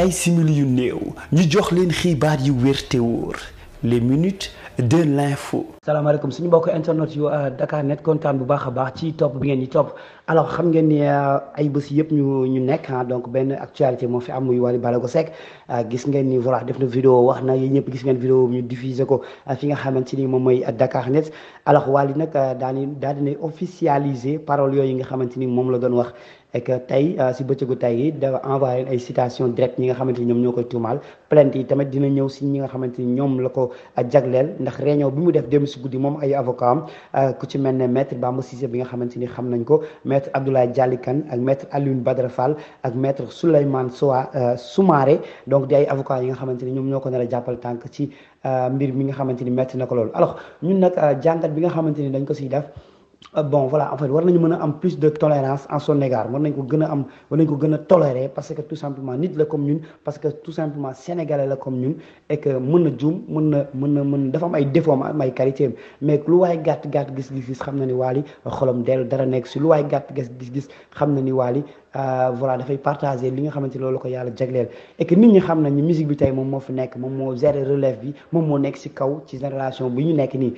ay simili yu néew ñu jox leen xibaar yu wér te wóor les minutes de l'info. salaamaaleykum suñu mbokk internet yu euh, Dakar net kontaan bu baax a baax ci topp bi ngeen ñi topp. alors xam ngeen ni euh, ay bés yëpp ñu ñu nekk ah, donc benn actualité moo fi am muy Wally Ballago Seck euh, gis ngeen ni voilà def na vidéo wax na yéen ñëpp gis ngeen vidéo ñu diffusé ko euh, fi nga xamante ni moom mooy Dakar Net alors Wally nag daani daal dina officialiser parole yooyu nga xamante ni moom la doon wax et tey si bëccëgu tey yi dafa envoyé ay citation direct ñi nga xamante ni ñoom ñoo koy tuumaal plainte yi tamit dina ñëw si ñi nga xamante ni ñoom la ko jagleel ndax réunion bi mu def démb si guddi moom ay avocat ku ci mel ne maître Bamba Cissé bi nga xamante ni xam nañ ko maître Abdoulaye Dialikan ak maître Alioune Badara Fall ak maître Souleymane Sowa euh, Soumaré donc di ay avocats yi nga xamante ni ñoom ñoo ko nar a jàppal tànk ci euh, mbir mi nga xamante ni métti na ko loolu alors ñun nag euh, jàngat bi nga xamante ni dañ ko siy def Euh, bon voilà en fait war nañu mën a am plus de tolérance en son égard war nañ ko gën a am war nañ ko gën a tolérer parce que tout simplement nit la comme ñun parce que tout simplement sénégalais la comme ñun mën na juum mën na mën na mën dafa am ay défaut am ay qualité mais lu waaye gàtt gàtt gis-gis xam na ni Wally euh, xolam dellu dara nekk si lu waaye gàtt gis-gis xam na ni Wally euh, voilà dafay partager li nga xamante ni loolu ko yàlla jagleel et nit ñi xam nañu musique bi moom moo fi nekk moom moo gérer relève bi moom moo nekk si kaw ci génération bi ñu nekk nii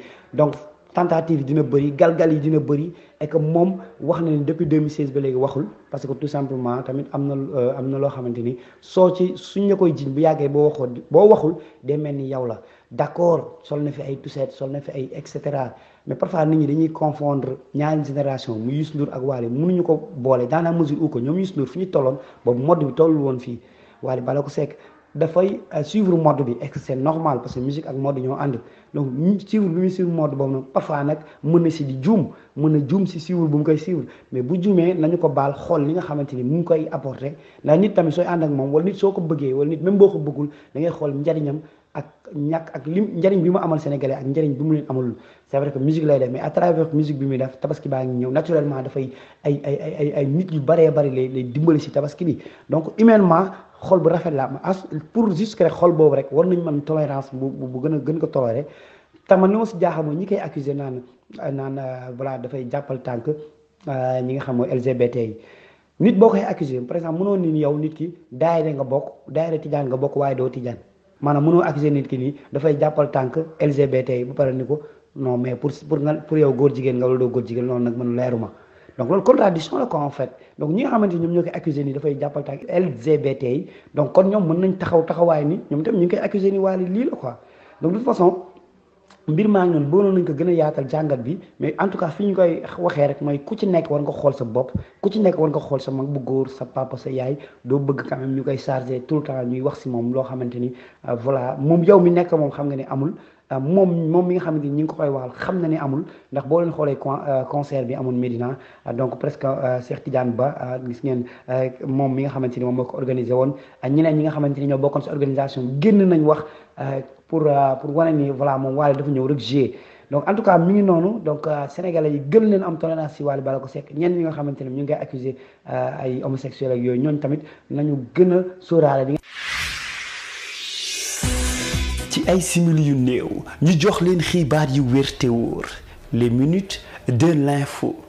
tentative yi dina bëri galgal yi dina bëri et moom wax na ni depuis 2016 ba léegi waxul parce que tout simplement tamit am na euh, am na loo xamante ni soo ci suñ la koy jiñ bu yàggee boo waxoo boo waxul day mel ni yow la d'accord sol na fi ay tuset sol na fi ay et cetera mais parfois nit ñi dañuy confondre ñaari génération mu Youssou Ndour ak Wally mënuñu ko boole dans la mesure où que ñoom Youssou Ndour fu ñu tolloon boobu mode bi tollul woon fii Wally bala ko sekk dafay euh, suivre mode bi et c'est normal parce que musique ak mode ñoo ànd donc suivre bi muy suivre mode boobu nag parfois nag mën na si di juum mën na juum si suivre bu mu koy suivre mais bu jumee nañu ko baal xool li nga xamante ni mu ngi koy apporter ndax nit tamit sooy ànd ak moom wala nit soo ko bëggee wala nit même boo ko bëggul da ngay xool njariñam ak ñàkk ak lim njëriñ bi mu amal sénégalais ak njëriñ bi mu leen amalul c'est vrai que musique lay def mais à travers musique bi muy def tabaski baa ngi ñëw naturellement dafay ay ay ay nit yu baree bari lay lay dimbali si tabaski bi donc humainement xol bu rafet la as pour juste rek xol boobu rek war nañ man tolérance bu bu gën a gën ko toléré te man li ma si jaaxal mooy ñi koy accuser naan naan balaa euh, dafay jàppal tànk euh, ñi nga xam mooy LGBT yi. nit boo koy accuser par exemple mënoon ni yow nit ki daayira nga bokk daayira tijaan nga bokk doo tijaan. maanaam mënoo accuser nit ki nii dafay jàppal tànk LGBT yi ba pare ni ko non mais pour pour nga pour yow jigéen nga wala doo góor jigéen loolu nag man leeruma donc loolu contradiction la ko en fait donc ñi xamante ñoom ñoo koy accusé nii dafay jàppal tànk LGBT yi donc kon ñoom mën nañ taxaw taxawaay ni ñoom itam ñu ngi koy accusé ni waali lii la quoi donc de façon mbir maa ngi noonu boonoon nañ ko gën a yaatal jàngat bi mais en tout cas fi ñu koy waxee rek mooy ku ci nekk war nga xool sa bopp ku ci nekk war nga xool sa mag bu góor sa papa sa yaay doo bëgg quand même ñu koy chargé tout le temps ñuy wax si moom loo xamante ni euh, voilà moom yow mi nekk moom xam nga ne amul Euh, moom moom mi nga xamante ni ñi ngi ko koy waxal xam na ne amul ndax boo leen xoolee euh, concert bi amoon Médina euh, donc presque Cheikh Tidiane Ba gis ngeen moom mi nga xamante ni moom moo ko organisé woon ñeneen ñi nga xamante ni ñoo bokkoon si organisation génn nañ wax pour pour wane ni voilà moom Wally dafa ñëw rek g donc en tout noonu donc sénégalais yi gën leen am tolérance si Wally Ballago Seck ñi nga xamante ne ñu ngi koy accusé ay homosexuels ak yooyu ñooñu tamit nañu gën a sóoraale ci ay simili yu néew ñu jox leen xibaar yu wér te les minutes de l'info